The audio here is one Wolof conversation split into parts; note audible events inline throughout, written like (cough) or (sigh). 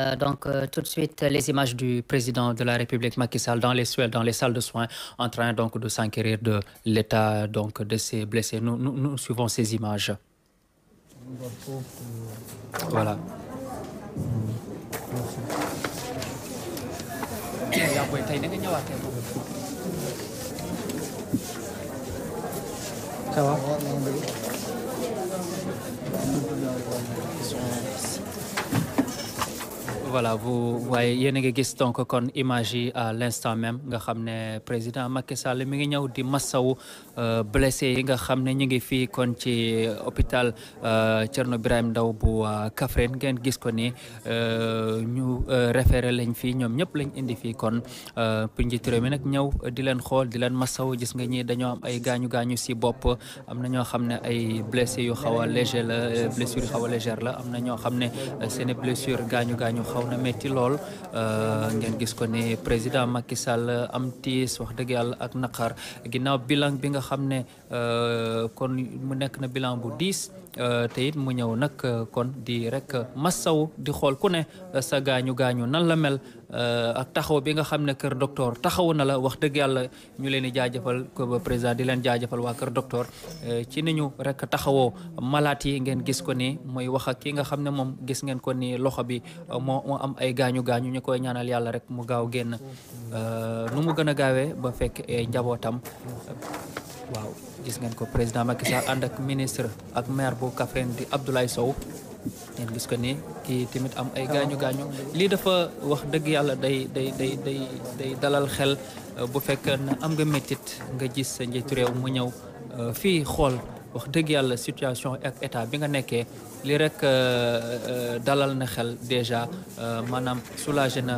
Euh, donc, euh, tout de suite, les images du président de la République, Macky Sall, dans les, dans les salles de soins, en train donc de s'enquérir de l'état donc de ces blessés. Nous, nous, nous, suivons ces images. Voilà. Ça (coughs) va voilà vous waaye yéen a ngi gis donc kon image yi à l'instant même nga xam ne président Macky Sall mi ngi ñaw di massawu euh, blessé yi nga xam ne ñu ngi fii kon ci euh, hôpital euh, Thierno Birahim ndaw bu Kaffrine ngeen gis ko ni ñu référé lañ fii ñoom ñëpp lañ indi fii kon njiitu réew mi nag ñëw di leen xool di leen massawu gis nga ñi dañoo am ay gaañu gaañu si bopp am na ñoo xam ne ay blessé yu xaw a léger la blessure yu xaw a la am na ñoo xam ne seen blessure gaañu xaw na métti lool euh, ngeen gis ko ni président Macky Sall am tiis wax dëgg yàlla ak naqar ginnaaw bilan bi nga xam ne euh, kon mu nekk na bilan bu diis euh, te it mu ñëw nag kon di rek saw di xool ku ne sa gaañu gaañu nan la mel. Euh, ak taxaw bi nga xam ne kër docteur taxawu na la wax dëgg yàlla ñu leen di jaajëfal ko ba président di leen jaajëfal waa kër doktor euh, ci ni ñu rek taxawoo malaat yi ngeen gis ko nii mooy wax ak ki nga xam ne moom gis ngeen ko nii loxo bi euh, moo moo am ay gaañu gaañu ñu koy ñaanal yàlla rek mu gaaw génn nu mu gën gaawee ba fekk e, njabootam waaw gis ngeen ko président Macky Sall ak ministre ak maire bu Kaffrine di Abdoulaye Sow ngeen gis ko ni kii tamit am ay gaañu gaañu lii dafa wax dëgg yàlla day day day day day dalal xel bu fekkee na am nga métit nga gis sa njiitu réew mu ñëw uh, fii xool wax dëgg yàlla situation ak état bi nga nekkee li rek euh, euh, dalal na xel déjà euh, maanaam soulagé na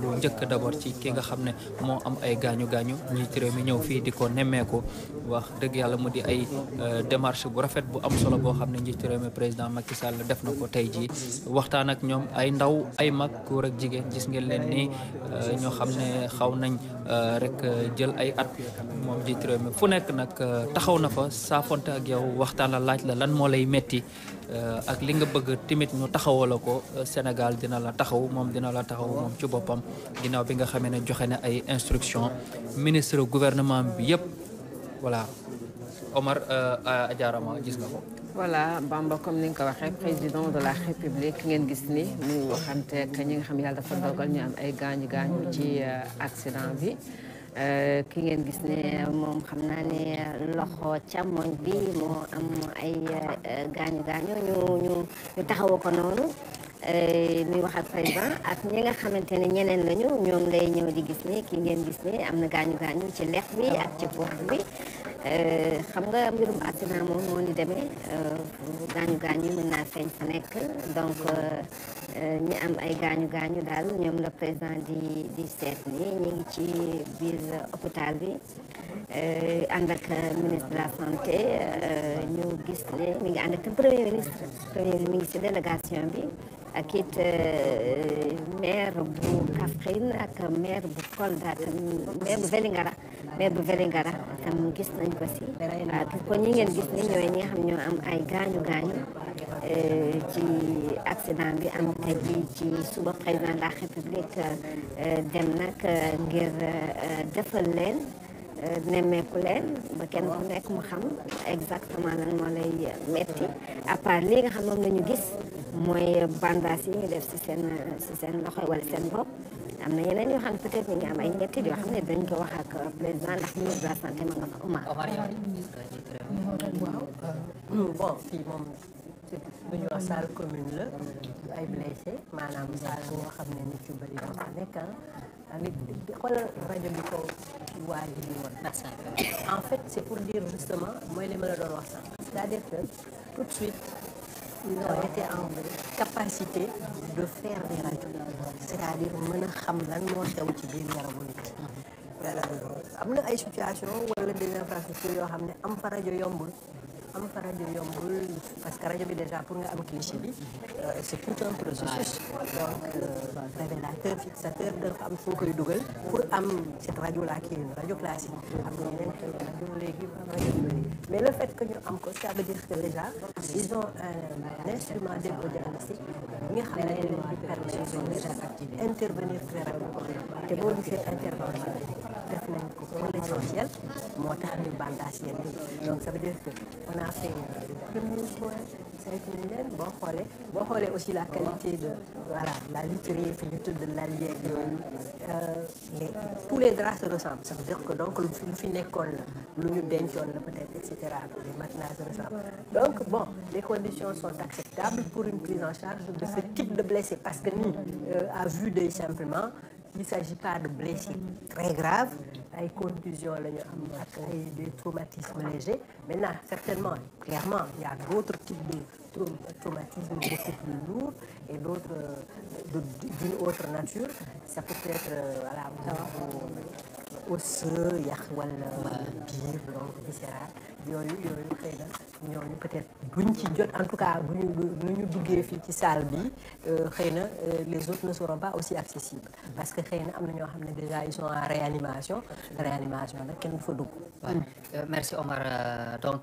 lu njëkk d'abord ci ki nga xam ne moo am ay gaañu gaañu njiit mi ñëw fii di ko nemmeeku wax dëgg yàlla mu di ay démarche bu rafet bu am solo boo xam ne njiit réew mi président Macky Sall def na ko tey jii waxtaan ak ñoom ay ndaw ay mag góor ak jigéen gis ngeen leen nii ñoo xam ne xaw nañ Euh, rek euh, jël ay at moom jiit réew mi fu nekk nag euh, taxaw na fa saafonte ak yow waxtaan la laaj la lan moo lay metti ak li nga bëgg tamit ñu taxawoo la ko Sénégal dina la taxaw moom dina la taxaw moom ci boppam ginnaaw bi nga xamee ne joxe na ay instruction ministre gouvernement bi yëpp voilà Omar a euh, jaarama gis nga ko. voilà Bamba comme ni nga ko waxee président de la république ngeen gis ni muy ñi nga xam yàlla dafa dogal ñu am ay gaañu gaañu ci euh, accident bi euh, ki ngeen gis ne moom xam naa ne loxo càmmoñ bi moo am ay gaañu gaañu ñu ñu ñu taxawoo ko noonu. muy wax ak président ak ñi nga xamante ne ñeneen lañu ñoom lay ñëw di gis ne ki ngeen gis ne am na gaañu gaañu ci lex bi ak ci bopp bi xam nga mbirum accident moom moo ni demee euh, gaañu gaañu mën naa feeñ fa nekk donc euh, euh, ñi am ay gaañu gaañu daal ñoom la président di seet ni ñu ngi ci biir hôpital bi ànd ak ministre la santé ñu gis ne mi ngi ànd ak premier ministre premier bi. ak it eh, maire bu Kaffrine ak maire bu Kolda ak maire bu Vélingara maire bu Vélingara tam gis nañ ko si kon ñi ngeen gis ni ñooy ñi nga ñoo am ay gaañu gaañu eh, ci accident bi am tey jii ci suba président de la république eh, dem nag ngir defal leen nemmeeku leen ba kenn ku nekk mu xam exactement lan moo lay metti à lii nga xam moom ñu gis mooy bandaas yi ñu def si seen seen loxo wala seen bopp am na yeneen yoo xam ne peut-être am ay ñetti yoo xam ne dañ ko wax ak président ndax ministre de la santé ma nga fa Omar. waaw euh, bon moom bu ñu wax salle commune la ay blessé maanaam salle ñoo xam ne nit yu bëri ñoo fa nekk avec ah. ah, xoolal rajo bi ko waa ji woon en fait c'est pour dire justement mooy li ma doon wax sax cest à tout de suite. ils ont été en capacité de faire des rajo c'est-à-dire mën a xam lan moo xew ci biir yaramu nit am na ay situation wala des infrastructures yoo xam ne am fa rajo yombul xam nga rajo yombul parce que rajo bi déjà pour nga am cliché bi eh, c'est tout un processus donc révélateur euh, fixateur dafa am foo koy dugal pour am cette rajo là qui est une mais le fait que ñu am ko ça bi nga xam ne dañ leen di permettre intervenir très te boo gisee intervention nañ ko pour l'essentiel moo tax ñu bandage yenn yi donc ça veut dire que on a fait le premier point saytu nañ leen boo xoolee boo xoolee aussi la qualité de voilà la literie fi ñu tudd la lieg yooyu les euh, tous les draps se ressemblent ça dire que donc lu fi nekkoon la lu ñu dencoon la peut-être et cetera les matelas se ressemblent donc bon les conditions sont acceptables pour une prise en charge de ce type de blessé parce que nous euh, à vue des simplement il s'agit pas de blessures très graves ay contusions la ñu am ak ay des traumatismes légers maintenant certainement clairement il y a d'autres types de traumatismes beaucoup plus lourds et d'autres euh, d'une autre nature ça peut être euh, voilà osseux yàq wala biir donc viscéral yooyu yooyu xëy na ñooñu peut-être buñ ci jot en tout cas buñu nu ñu duggee fii ci salle bi euh, xëy na euh, les autres ne seront pas aussi accessibles parce que xëy na am na ñoo xam ne déjà ils sont en réanimation réanimation nag kenn du fa dugg euh, merci Omar donc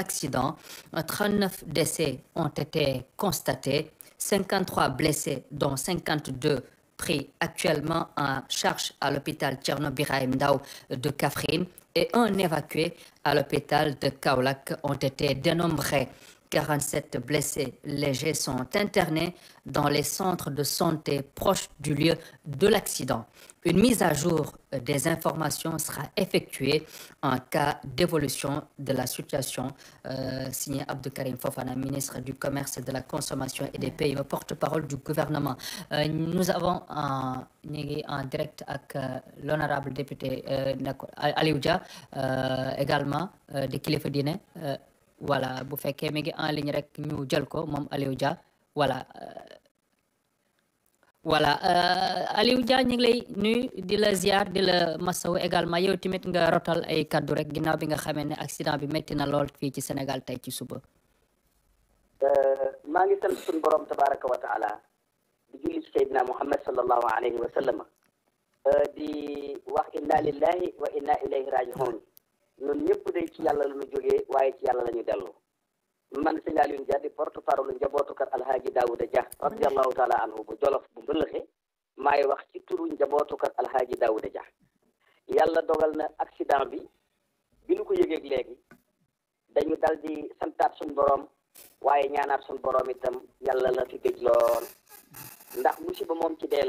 accident, 39 décès ont été constatés, 53 blessés, dont 52 pris actuellement en charge à l'hôpital Tchernobyl de Kafrine et un évacué à l'hôpital ont 47 blessés légers sont internés dans les centres de santé proches du lieu de l'accident. Une mise à jour euh, des informations sera effectuée en cas d'évolution de la situation. Euh, signé Abdou Karim Fofana, ministre du Commerce, de la Consommation et des PME, porte-parole du gouvernement. Euh, nous avons en, en direct avec euh, l'honorable député euh, Alioudia, euh, également de Kilefodine. voilà bu fekkee mi ngi en ligne rek ñu jël ko moom Aliou Dia voilà euh, voilà euh, Aliou Dia ñu ngi lay di la ziar di la masawu également yow tamit nga rotal ay kaddu rek ginnaaw bi nga xamee ne accident bi metti na lool fii ci senegal tey ci suba. Euh, maa ngi sant suñu borom tabaraka wa taala di julli ci Muhammad sallallahu alayhi wa sallam di wax inna lillahi wa inna ilayhi rajiun ñun ñëpp day ci yàlla la ñu jógee waaye ci yàlla la ñu dellu man sëñ Alioune Dia di porte parole njabootukat alhaaji Daouda Dia radiallahu taala anhu bu jolof bu mbëlëxe maay wax ci turu njabootukat alhaaji Daouda Dia yàlla dogal na accident bi bi nu ko yëgeeg léegi dañu dal di santaat suñu boroom waaye ñaanaat suñu boroom itam yàlla la fi gëj lool ndax musiba moom ci dee